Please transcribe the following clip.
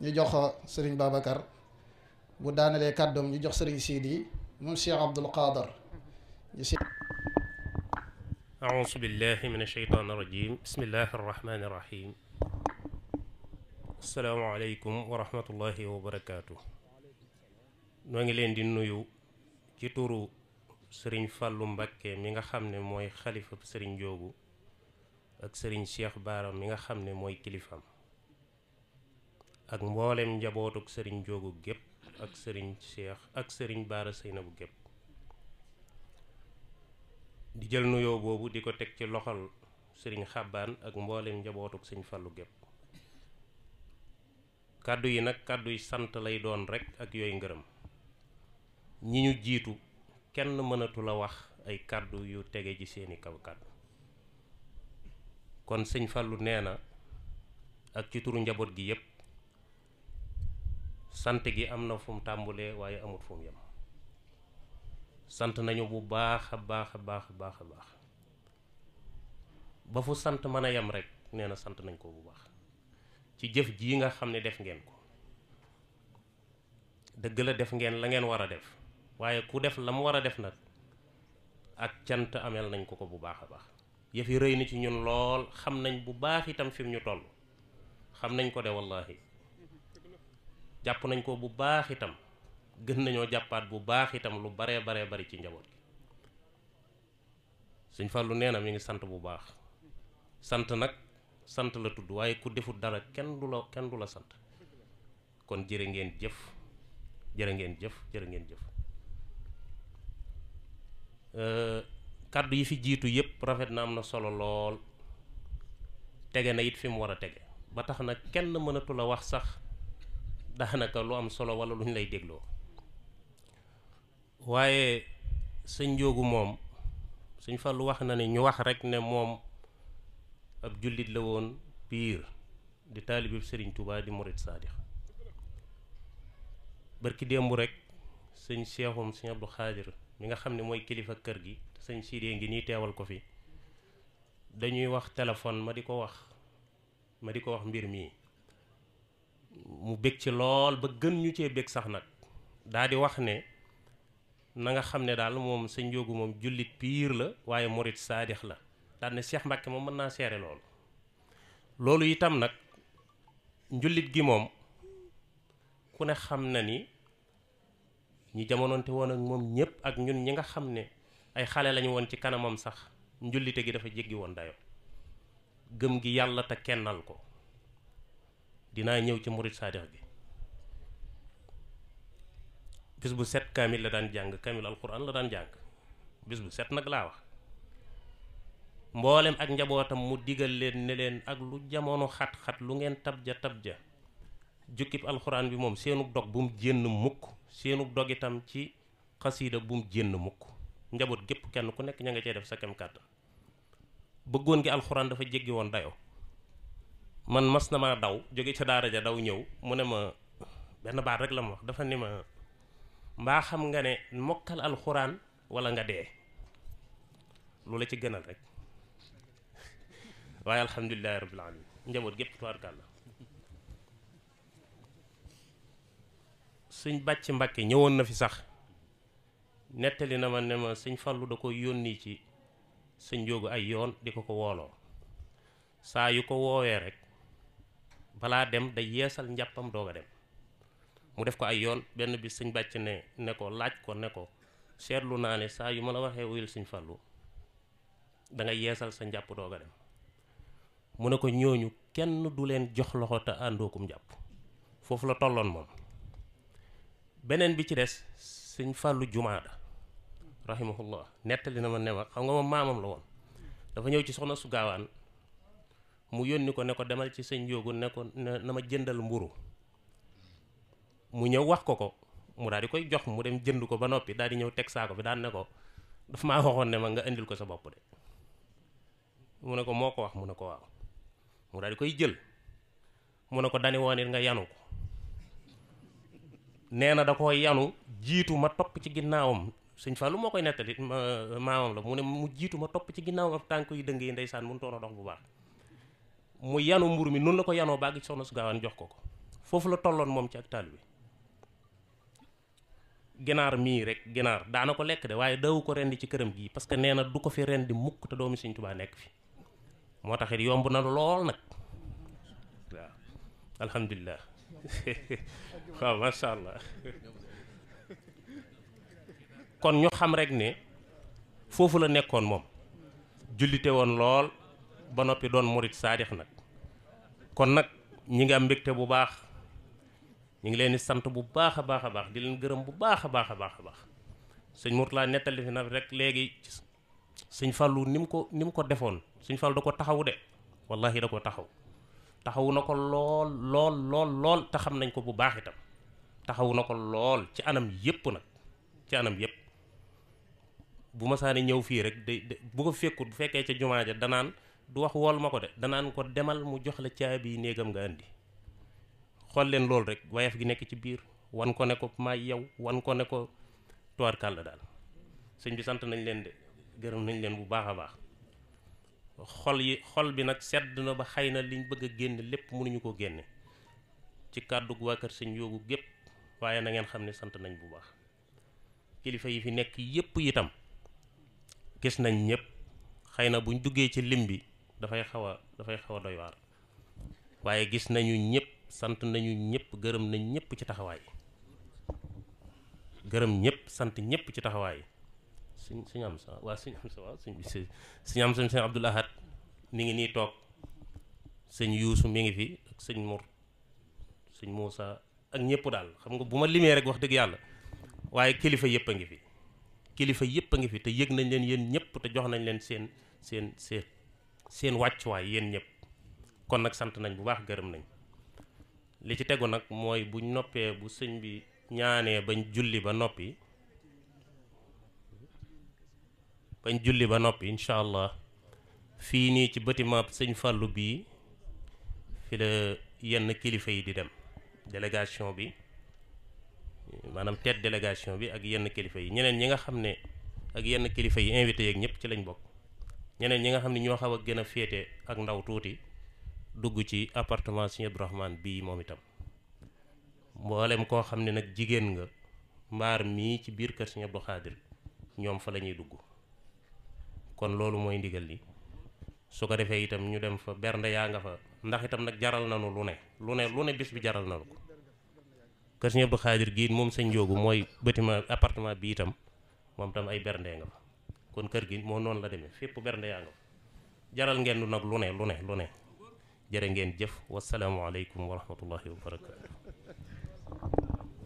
ñu jox sëriñ Babacar bu daanalee kàddoom ñu jox sëriñ Sidi moom Cheikh Abdul Qaadar أعوذ بالله من الشيطان الرجيم بسم الله الرحمن الرحيم السلام ngi leen di nuyu ci turu sëriñ Fàllu mbakke mi nga xam ne mooy xalifa sëriñ Joogu ak sëriñ Cheikh baaram mi nga xam ne mooy kilifam ak mboolem njabootuk sëriñ joogu gépp ak sëriñ Cheikh ak sëriñ Baara Seynabu gépp di jël nuyoo boobu di ko teg ci loxol sëriñ xàbbaan ak mboolem njabootug sëñ Fallu gépp kàddu yi nag kàddu yi sant lay doon rekk ak yooyu ngërëm ñi ñu jiitu kenn mënatul a wax ay kàddu yu tege ci seeni kaw kàddu kon sëñ Fallu nee na ak ci turu njaboot gi yépp Santigi gi fum fum tambule waye amut fum yam yem nañu bu bah, bah, bah, bah, baax ba fu sante mana yam rek neena sante nañ ko bu baax ci jëf ji nga xamne def ngeen ko deug la def ngeen la ngeen wara def waye ku def lam wara def nak ak cyant amel nañ ko ko bu bah baax yef yi reyni ci ñun lool xam bu baax itam fim ñu toll xam ko de wallahi jàpp nañ ko bu baax itam gën nañoo jàppaat bu baax itam lu baree baree bari ci njaboot gi suñ fàllu nee na mi ngi sant bu baax sant nag sant la tudd waaye ku defut dara kenn du la kenn du la sant kon jërë ngeen jëf jërë ngeen jëf jërë ngeen jëf euh, kàddu yi fi jiitu yëpp rafet na am na solo lool tege na it fi mu war a tege ba tax na kenn mënatul a wax sax daanaka lu am solo wala luñ lay deglo waaye señ jogu mom señ Fallu wax na ni ñu wax rek ne mom ab julit la won pire di talib serigne Touba di murit sadiq barki dembu rek señ cheikhum señ Abdou khadir mi nga xamni moy kilifa kër gi señ sëñ ngi ni teewal ko fi dañuy wax téléphone ma diko wax ma diko wax mbir mi mu bég ci lool ba gën ñu cee bég sax nag daa di wax ne nanga xam ne daal moom sëñ Njóogu moom jullit piir la waaye morit saadix la daan seex Cheikh Mbàkke moom mën naa seere loolu loolu itam nag njullit gi moom ku ne xam na ni ñi jamonoonte woon ak moom ñëpp ak ñun ñi nga xam ne ay xale lañu woon ci kanamam sax njullite gi dafa jéggi woon dayoo gëm gi yàlla te kennal ko dina ñew ci murit sadiq bi bis bu set laranjang la daan jang kamil alquran la daan jang bis bu set nak la wax mbollem ak njabotam mu digal len ne len ak lu jamono khat khat lu ngeen tabja tabja jukip alquran bi mom senu dog bum mu jénn mukk senu dog itam ci qasida bu mu jénn mukk njabot gep kenn ku nek ñanga nga cey def sa kem kàttan beggon gi alquran dafa jeggi won dayo man mas na maa daw jóge ca daara ja daw ñëw mu ne ma benn baat rek la ma wax dafa ni ma mbaa xam nga ne mokkal alxuraan wala nga dee lu la ci gënal rek waaye alhamdulilahi rabbil alamin njaboot gépp tubaarkàlla suñ bàcc mbàkke ñëwoon na fi sax nettali na ma ne ma suñ fallu da ko yónni ci suñ jógu ay yoon di ko ko wooloo saa yu ko woowee rek balaa dem da yeesal njàppam doog a dem mu def ko ay yoon benn bi sëñ bàcc ne ne ko laaj ko ne ko seetlu naa ne saa yu ma la waxee wuyul suñ Fallu da nga yeesal sa njàpp doog dem mu ne ko ñooñu kenn du leen jox loxo te àndookum njàpp foofu la tolloon moom beneen bi ci des sëñ Fallu jumaada rahimahullah nettali na ma ne ma xam nga moom maamam la woon dafa ñëw ci soxna su gaawaan mu yoni ko ne ko demal ci sëñ jogu ne ko na ma jëndal mburu mu ñew wax ko ko mu daal di koy jox mu dem jënd ko ba noppi daal di ñëw teg saako bi daan ne ko daf ma waxoon ne ma nga andil ko sa bop de mu ne ko moko wax mu ne ko waaw mu daal di koy jël mu ne ko dani woni nga yanu ko neena da ko yanu jitu ma top ci ginnaawam sëñ fallu moo koy nettali la mu ne mu jitu ma top ci ak yi dox bu baax mu yanu mburu mi noonu la ko yanoo bàgg soxna su gaawaan jox ko ko foofu la tolloon moom ci ak taalibe ganaar mii rek ganaar daana ko lekk de waaye dawu ko rendi ci këram gii parce que nee na du ko fi rendi mukk te doomi Sëñ Tuubaa nekk fi moo tax it yomb na lool nag waaw alhamdulilah waaw macha allah kon ñu xam rek ne foofu la nekkoon moom jullite woon lool ba noppi doon murit saadix nag kon nag ñi ngi am mbégte bu baax ñi ngi leen di sant bu baax a baax a baax di leen gërëm bu baax a baax a baax a baax sëñ Mourtala nettali fi na rek léegi sëñ Fallou ni mu ko ni mu ko defoon suñ Fallou da ko taxawu de wallahi da ko taxaw taxawu na ko lool lool lool lool te xam nañ ko bu baax itam taxawu na ko lool ci anam yépp nag ci anam yépp bu ma saani ñëw fii rek day bu ko fekkut bu fekkee ca jumaa ja danaan du wax wol mako de danaan ko demal mu jox la caabi negam nga andi xol len lol rek wayef gi nek ci bir wan ko ne ko ma yow wan ko ne ko tuar kala dal sëñ bi sant nañ len de geureum nañ len bu baakha a baax xol yi xol bi nak sedd na ba xëy liñ bëgg genn lepp mënu ñu ko genn ci kaddu waa kër sëñ yogu gep waye na ngeen sant nañ bu baax kilifa yi fi nek yep yitam gis nañ ñep xëy buñ duggé ci limbi dafay xaw a dafay xaw a doy waaye gis nañu ñëpp sant nañu ñëpp gërëm nañ ñëpp ci taxawaay gërëm ñëpp sant ñëpp ci taxawaay suñ suñu am sa waa suñu am sa waaw Abdul Ahad mi ngi nii toog sëñ Yuusu mi ngi fi ak sëñ Mor sëñ Muusa ak ñëpp daal xam nga bu ma limee rek wax dëgg yàlla waaye kilifa yëpp a ngi fi kilifa yëpp a ngi fi te yëg nañ leen yéen ñëpp te jox nañ leen seen seen seet seen wàccuwaay yéen ñëpp kon nag sant nañ bu baax gërëm nañ li ci tegu nag mooy bu noppee bu sëñ bi ñaanee bañ julli ba noppi bañ julli ba noppi incha allah fii nii ci bâtiment sëñ Fallou bii fi la yenn kilifa yi di dem délégation bi maanaam tête délégation bi ak yenn kilifa yi ñeneen ñi nga xam ne ak yenn kilifa yi invité yeeg ñëpp ci lañ bokk ñeneen ñi nga xam ne ñoo xaw a gën a féete ak ndaw tuuti dugg ci appartement Sëñ Abdu Rahmaan bii moom itam mboolem koo xam ne nag jigéen nga mbaar mii ci biir kër Sëñ Abdu Xaadir ñoom fa la ñuy dugg kon loolu mooy ndigal li su ko defee itam ñu dem fa bernde yaa nga fa ndax itam nag jaral nanu lu ne lu ne lu ne bis bi jaral nanu ko kër Sëñ Abdu Xaadir gii moom sëñ Njoogu mooy bâtiment appartement bi itam moom itam ay bernde nga fa kon kër gi moo noonu la demee fépp bernde yaa nga jaral ngeen lu nag lu ne lu ne lu ngeen jëf wasalaamualeykum wa rahmatullahi wa barakatu